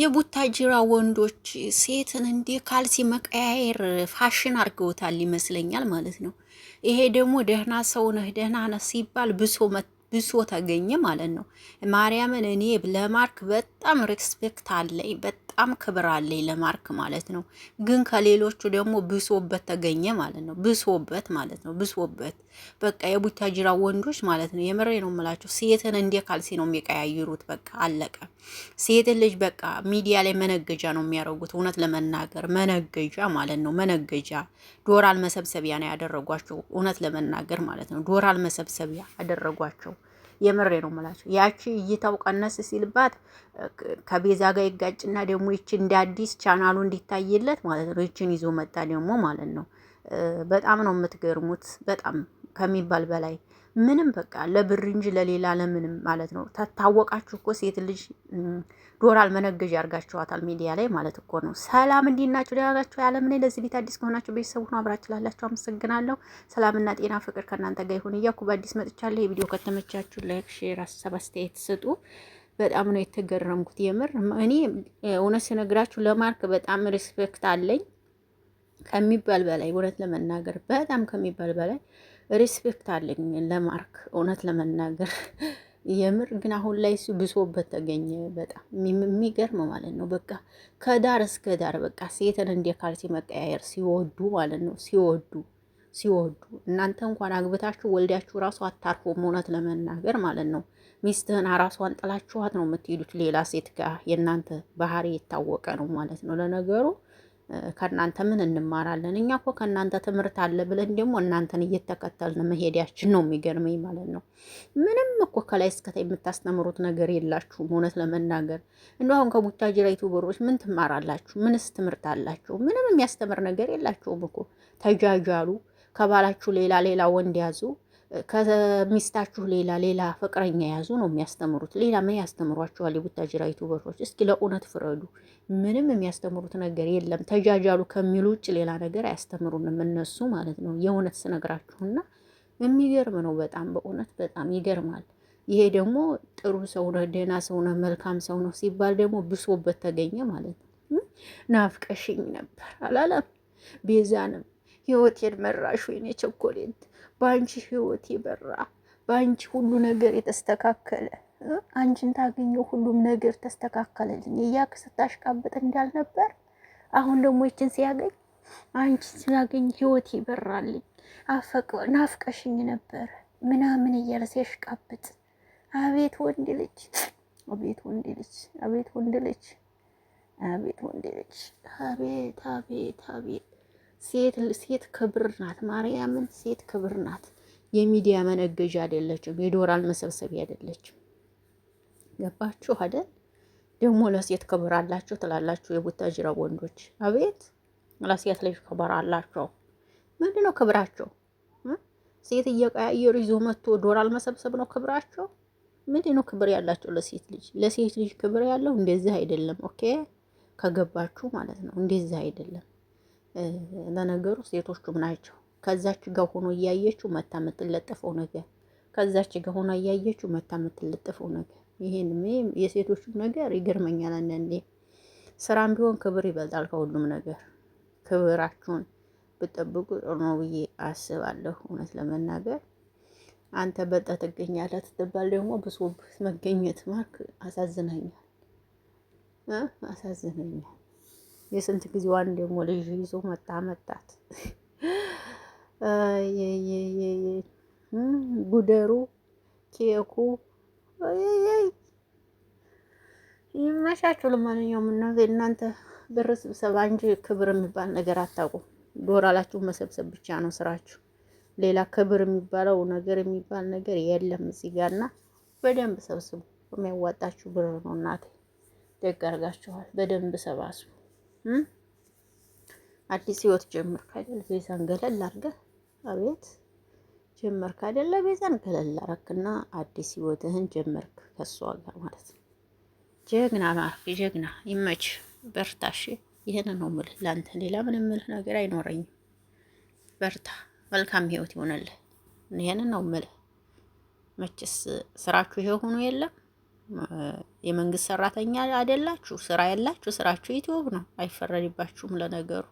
የቡታጅራ ወንዶች ሴትን እንዲህ ካልሲ መቀያየር ፋሽን አድርገውታል ይመስለኛል ማለት ነው። ይሄ ደግሞ ደህና ሰው ነህ ደህና ነህ ሲባል ብሶ ተገኘ ማለት ነው። ማርያምን እኔ ለማርክ በጣም ሬስፔክት አለኝ። በጣም ክብር አለኝ ለማርክ ማለት ነው። ግን ከሌሎቹ ደግሞ ብሶበት ተገኘ ማለት ነው። ብሶበት ማለት ነው። ብሶበት በቃ የቡታጅራ ወንዶች ማለት ነው። የምሬ ነው የምላቸው ሴትን እንደ ካልሲ ነው የሚቀያይሩት። በቃ አለቀ። ሴትን ልጅ በቃ ሚዲያ ላይ መነገጃ ነው የሚያደርጉት። እውነት ለመናገር መነገጃ ማለት ነው። መነገጃ ዶራል መሰብሰቢያ ነው ያደረጓቸው። እውነት ለመናገር ማለት ነው። ዶራል መሰብሰቢያ አደረጓቸው። የምሬ ነው ምላቸው ያቺ እይታው ቀነስ ሲልባት ከቤዛ ጋር ይጋጭና ደግሞ ይቺ እንደ አዲስ ቻናሉ እንዲታይለት ማለት ነው ይችን ይዞ መጣ ደግሞ ማለት ነው። በጣም ነው የምትገርሙት፣ በጣም ከሚባል በላይ ምንም በቃ ለብር እንጂ ለሌላ ለምንም ማለት ነው። ተታወቃችሁ እኮ ሴት ልጅ ዶራል መነገዣ ያርጋችኋታል ሚዲያ ላይ ማለት እኮ ነው። ሰላም እንዲናችሁ ሊያላችሁ የዓለም ላይ ለዚህ ቤት አዲስ ከሆናችሁ ቤተሰቡ ሁኑ። አብራችሁ ላላችሁ አመሰግናለሁ። ሰላምና ጤና ፍቅር ከእናንተ ጋር ይሁን እያኩ በአዲስ መጥቻለሁ። የቪዲዮ ከተመቻችሁ ላይክ፣ ሼር፣ ሀሳብ አስተያየት ስጡ። በጣም ነው የተገረምኩት። የምር እኔ እውነት ስነግራችሁ ለማርክ በጣም ሪስፔክት አለኝ ከሚባል በላይ እውነት ለመናገር በጣም ከሚባል በላይ ሪስፔክት አለኝ ለማርክ እውነት ለመናገር የምር ግን አሁን ላይ እሱ ብሶበት ተገኘ። በጣም የሚገርም ማለት ነው። በቃ ከዳር እስከ ዳር በቃ ሴትን እንደ ካልሲ መቀያየር ሲወዱ ማለት ነው። ሲወዱ ሲወዱ እናንተ እንኳን አግብታችሁ ወልዳችሁ ራሱ አታርፎም፣ እውነት ለመናገር ማለት ነው። ሚስትህን ራሷን ጥላችኋት ነው የምትሄዱት ሌላ ሴት ጋር። የእናንተ ባህሪ የታወቀ ነው ማለት ነው ለነገሩ ከእናንተ ምን እንማራለን? እኛ እኮ ከእናንተ ትምህርት አለ ብለን ደግሞ እናንተን እየተከተልን መሄዳችን ነው የሚገርመኝ ማለት ነው። ምንም እኮ ከላይ እስከታይ የምታስተምሩት ነገር የላችሁም። እውነት ለመናገር እንደው አሁን ከቡታጅራ ዩቱበሮች ምን ትማራላችሁ? ምንስ ትምህርት አላችሁ? ምንም የሚያስተምር ነገር የላችሁም እኮ ተጃጃሉ፣ ከባላችሁ ሌላ ሌላ ወንድ ያዙ ከሚስታችሁ ሌላ ሌላ ፍቅረኛ የያዙ ነው የሚያስተምሩት። ሌላ ምን ያስተምሯችኋል? የቡታጅራ ዩቱበሮች እስኪ ለእውነት ፍረዱ። ምንም የሚያስተምሩት ነገር የለም። ተጃጃሉ ከሚሉ ውጭ ሌላ ነገር አያስተምሩንም እነሱ ማለት ነው። የእውነት ስነግራችሁና የሚገርም ነው። በጣም በእውነት በጣም ይገርማል። ይሄ ደግሞ ጥሩ ሰው ነው፣ ደህና ሰው ነው፣ መልካም ሰው ነው ሲባል ደግሞ ብሶበት ተገኘ ማለት ነው። ናፍቀሽኝ ነበር አላለም ቤዛንም ህይወቴን መራሽ ወይን ቸኮሌት፣ በአንቺ ህይወቴ በራ፣ በአንቺ ሁሉ ነገር የተስተካከለ አንቺን ታገኘው ሁሉም ነገር ተስተካከለልኝ እያልክ ስታሽቃብጥ እንዳልነበር አሁን ደግሞ ይችን ሲያገኝ አንቺ ሲያገኝ ህይወቴ ይበራልኝ ናፍቀሽኝ ነበር ምናምን እያለ ሲያሽቃብጥ አቤት ወንድ ልጅ፣ አቤት ወንድ ልጅ፣ አቤት ወንድ ልጅ፣ አቤት ወንድ ልጅ፣ አቤት አቤት አቤት ሴት ሴት ክብር ናት። ማርያምን ሴት ክብር ናት። የሚዲያ መነገዣ አይደለችም። የዶራል መሰብሰቢያ አይደለችም። ገባችሁ አይደል? ደግሞ ለሴት ክብር አላችሁ ትላላችሁ የቡታጅራ ወንዶች። አቤት ለሴት ልጅ ክብር አላቸው። ምንድን ነው ክብራቸው? ሴት እየቀያየሩ ይዞ መጥቶ ዶራል መሰብሰብ ነው ክብራቸው? ምንድን ነው ክብር ያላቸው ለሴት ልጅ? ለሴት ልጅ ክብር ያለው እንደዚህ አይደለም። ኦኬ ከገባችሁ ማለት ነው። እንደዚህ አይደለም። ለነገሩ ሴቶቹም ናቸው። ከዛች ጋር ሆኖ እያየችው መታ የምትለጠፈው ነገር ከዛች ጋር ሆኖ እያየችው መታ የምትለጠፈው ነገር ይሄን የሴቶቹም ነገር ይገርመኛል። አንዳንዴ ስራም ቢሆን ክብር ይበልጣል ከሁሉም ነገር። ክብራችሁን ብጠብቁ ጥሩ ነው ብዬ አስባለሁ። እውነት ለመናገር አንተ በልጠ ትገኛለህ ትባል ደግሞ ብሶብህ መገኘት ማክ አሳዝነኛል፣ አሳዝነኛል። የስንት ጊዜዋን ደግሞ ልጅ ይዞ መጣ መጣት ጉደሩ ኬኩ ይመሻችሁ። ለማንኛውም እናንተ ብር ስብሰባ እንጂ ክብር የሚባል ነገር አታውቁም። ዶላላችሁ መሰብሰብ ብቻ ነው ስራችሁ። ሌላ ክብር የሚባለው ነገር የሚባል ነገር የለም እዚህ ጋር እና በደንብ ሰብስቡ። የሚያዋጣችሁ ብር ነው። እናቴ ደግ አድርጋችኋል። በደንብ ሰባስቡ። አዲስ ህይወት ጀመርክ አይደል? ቤዛን ገለል አድርገህ አቤት ጀመርክ አይደለ? ቤዛን ገለል አደረክና አዲስ ህይወትህን ጀመርክ ከሷ ጋር ማለት ነው። ጀግና ማርክ ጀግና፣ ይመች፣ በርታሽ። ይህን ነው የምልህ ለአንተ። ሌላ ምንም ምልህ ነገር አይኖረኝም። በርታ፣ መልካም ህይወት ይሆነልህ። ይህን ነው ምልህ መችስ ስራችሁ ይሄ ሆኖ የለም የመንግስት ሰራተኛ አይደላችሁ፣ ስራ ያላችሁ ስራችሁ ዩቲዩብ ነው፣ አይፈረድባችሁም። ለነገሩ